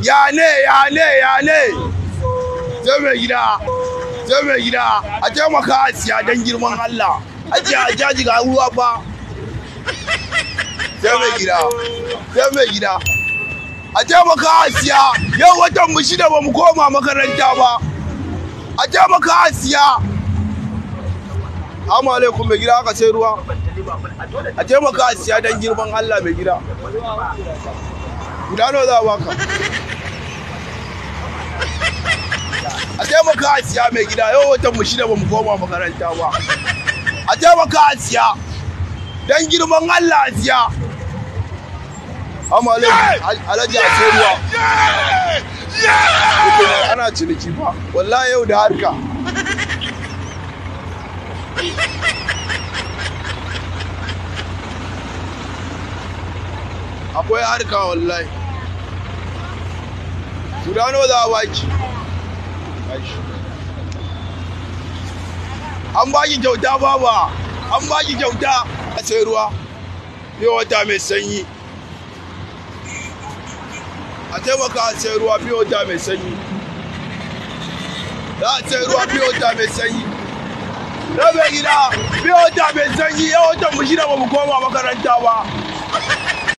ya ne ya ne ya ne jami'a gida jami'a gida a taimaka a siya don girman Allah ajiya a jaji ga ruwa ba jami'a gida jami'a gida a taimaka a siya yau watan mu shida ba mu koma makaranta ba a taimaka a siya amma alaikum mai gida aka sai ruwa a taimaka a siya don girman Allah mai gida guda nawa za a baka a ka a siya mai gida yau watan mu shida ba mu koma makaranta ba a taimaka a siya don girman Allah a siya amma alaji a sai ruwa ana ciniki fa wallahi yau da harka akwai harka wallahi guda da za a baki an baki kyauta baba an baki kyauta a sai ruwa fiye wata mai sanyi a taimaka a sai ruwa fiye wata mai sanyi za a sai ruwa fiye wata mai sanyi rabe gida fiye wata mai sanyi yawon tamushi da ba mu koma makaranta ba